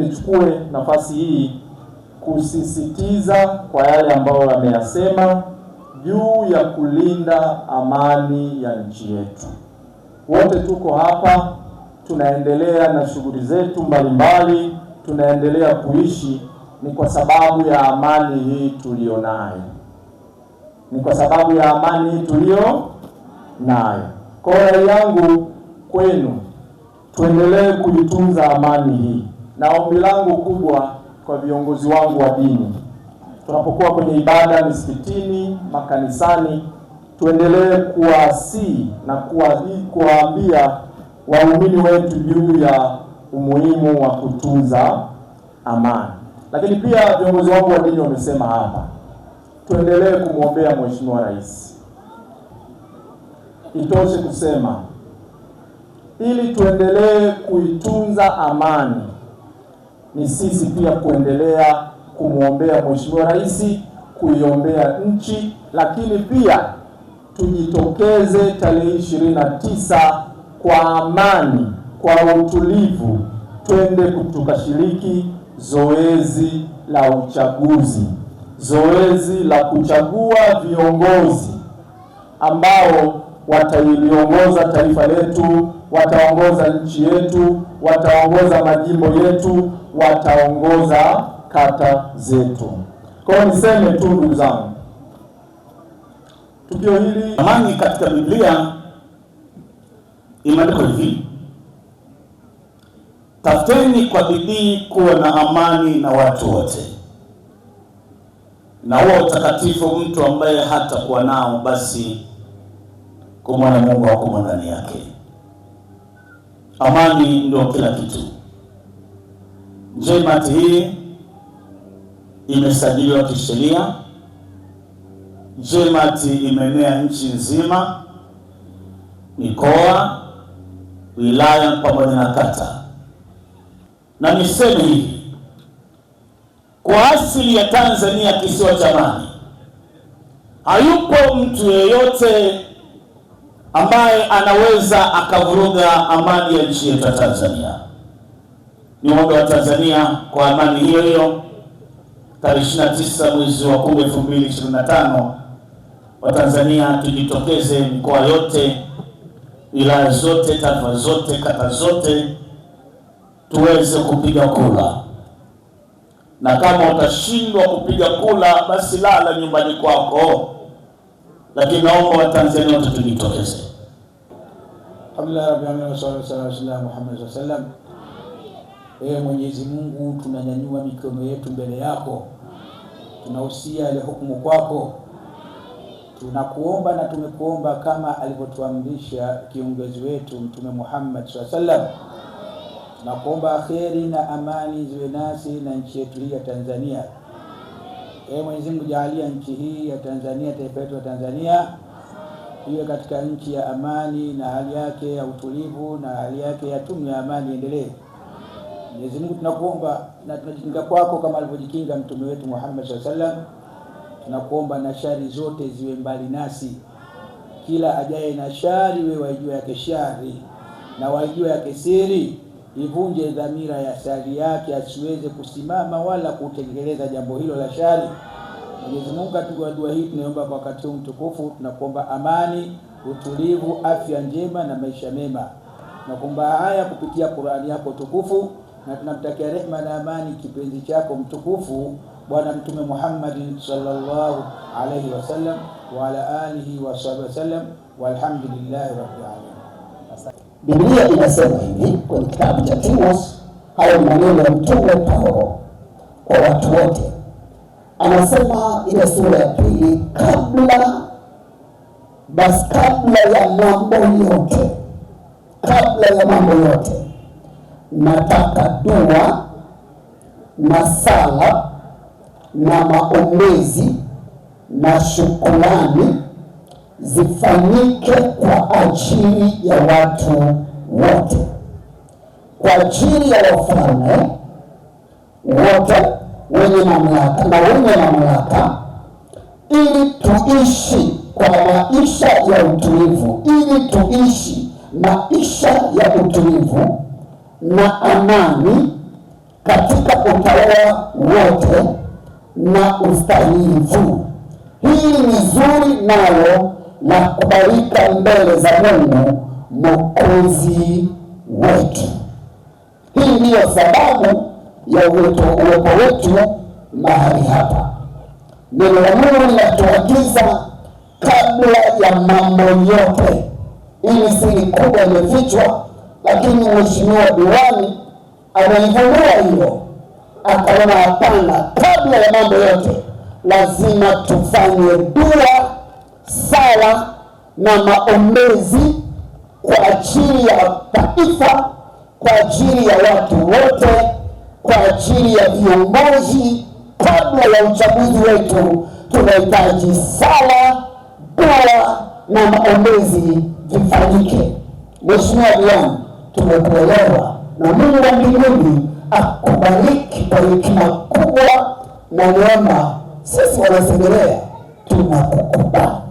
Nichukue nafasi hii kusisitiza kwa yale ambayo yameyasema juu ya kulinda amani ya nchi yetu. Wote tuko hapa, tunaendelea na shughuli zetu mbalimbali, tunaendelea kuishi, ni kwa sababu ya amani hii tuliyonayo ni kwa sababu ya amani hii tuliyo nayo. Kwa rai yangu kwenu, tuendelee kujitunza amani hii na ombi langu kubwa kwa viongozi wangu wa dini, tunapokuwa kwenye ibada misikitini, makanisani, tuendelee kuwaasii na kuwaambia waumini wetu juu ya umuhimu wa kutunza amani. Lakini pia viongozi wangu wa dini wamesema hapa, tuendelee kumwombea Mheshimiwa Rais. Itoshe kusema ili tuendelee kuitunza amani ni sisi pia kuendelea kumwombea Mheshimiwa Rais, kuiombea nchi, lakini pia tujitokeze tarehe ishirini na tisa kwa amani, kwa utulivu, twende tukashiriki zoezi la uchaguzi, zoezi la kuchagua viongozi ambao wataliongoza taifa letu, wataongoza nchi yetu, wataongoza majimbo yetu, wataongoza kata zetu. Kwa hiyo niseme tu ndugu zangu, tukio hili, amani katika Biblia imeandikwa hivi: tafuteni kwa bidii kuwa na amani na watu wote na huo utakatifu, mtu ambaye hatakuwa nao basi kwa maana Mungu hakumo ndani yake. Amani ndio kila kitu. JMAT hii imesajiliwa kisheria. JMAT imeenea nchi nzima, mikoa, wilaya pamoja na kata, na niseme hivi kwa asili ya Tanzania, kisiwa cha amani, hayupo mtu yeyote ambaye anaweza akavuruga amani ya nchi yetu ya Tanzania. Ni mwombe wa Tanzania kwa amani hiyo hiyo, tarehe 29 mwezi wa 10 2025, tanzania tujitokeze mkoa yote, wilaya zote, tarafa zote, kata zote, tuweze kupiga kura, na kama utashindwa kupiga kura, basi lala nyumbani kwako lakini naomba Watanzania wote tujitokeze. Ee Mwenyezi Mungu, tunanyanyua mikono yetu mbele yako, tunahusia ile hukumu kwako, tunakuomba na tumekuomba kama alivyotuamrisha kiongozi wetu Mtume Muhammad sallallahu alaihi wasallam. Tunakuomba kheri na amani ziwe nasi na nchi yetu hii ya Tanzania. Ee Mwenyezi Mungu, jaalia nchi hii ya Tanzania, taifa letu la Tanzania iwe katika nchi ya amani na hali yake ya utulivu na hali yake ya tumu ya amani endelee Mwenyezi Mungu, tunakuomba na tunajikinga kwako kama alivyojikinga mtume wetu Muhammad sallallahu alaihi wasallam. Tunakuomba na shari zote ziwe mbali nasi, kila ajaye na shari, wewe waijua yake shari na waijua yake siri ivunje dhamira ya shari yake, asiweze kusimama wala kutengeleza jambo hilo la shari. Mwenyezi Mungu katika dua hii tunaomba kwa wakati huu mtukufu, tunakuomba amani, utulivu, afya njema na maisha mema. Tunakuomba haya kupitia Qur'ani yako tukufu, na tunamtakia rehma na amani kipenzi chako mtukufu Bwana Mtume Muhammad sallallahu alaihi wasallam wa ala alihi wa sahbihi wasallam, walhamdulillahi rabbil alamin. Biblia inasema hivi kwenye kitabu cha Timos, hayo maneno ya mtume Paulo kwa watu wote, anasema ile sura ya pili, kabla basi, kabla ya mambo yote, kabla ya mambo yote, nataka dua na sala na maombezi na shukrani zifanyike kwa ajili ya watu wote, kwa ajili ya wafalme wote wenye mamlaka na wenye mamlaka, ili tuishi kwa maisha ya utulivu, ili tuishi maisha ya utulivu na amani katika utawala wote na ustahilivu. Hili ni zuri nalo na kubarika mbele za Mungu mwokozi wetu. Hii ndiyo sababu ya uwepo wetu mahali hapa. Neno la Mungu linatuagiza kabla ya mambo yote, ili siri kubwa imefichwa, lakini mheshimiwa diwani ameivunua hiyo, akaona hapana, kabla ya mambo yote lazima tufanye dua sala na maombezi kwa ajili ya taifa, kwa ajili ya watu wote, kwa ajili ya viongozi. Kabla ya uchaguzi wetu, tunahitaji sala, dua na maombezi vifanyike. Mheshimiwa Diwani, tumekuelewa na Mungu wa mbinguni akubariki kwa hekima kubwa, na niomba sisi wanasegerea tunakukubali.